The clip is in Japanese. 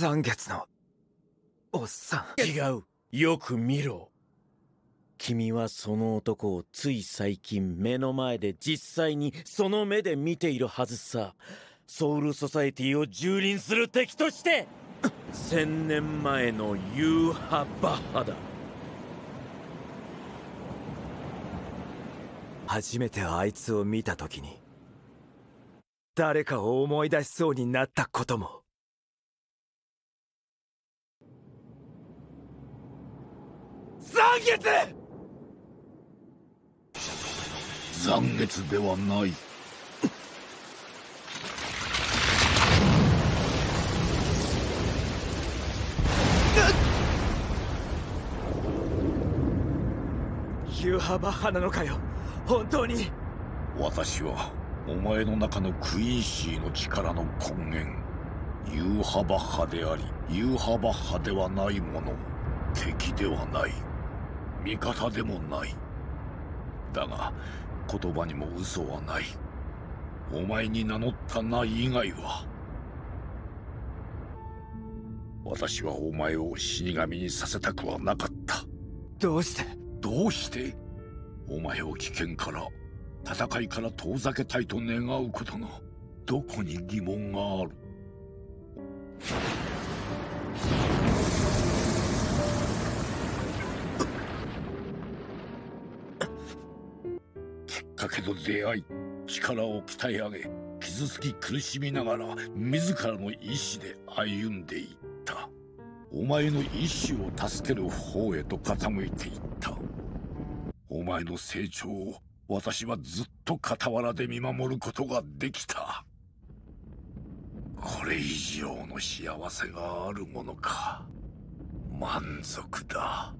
残月のおっさん違うよく見ろ君はその男をつい最近目の前で実際にその目で見ているはずさソウルソサエティを蹂躙する敵として千年前のユーハ・バッハだ初めてあいつを見た時に誰かを思い出しそうになったことも残月残月ではないユーハバッハなのかよ本当に私はお前の中のクイーンシーの力の根源ユーハバッハでありユーハバッハではないもの敵ではない味方でもないだが言葉にも嘘はないお前に名乗ったな以外は私はお前を死神にさせたくはなかったどうしてどうしてお前を危険から戦いから遠ざけたいと願うことのどこに疑問があるったけど出会い力を鍛え上げ傷つき苦しみながら自らの意志で歩んでいったお前の意志を助ける方へと傾いていったお前の成長を私はずっと傍らで見守ることができたこれ以上の幸せがあるものか満足だ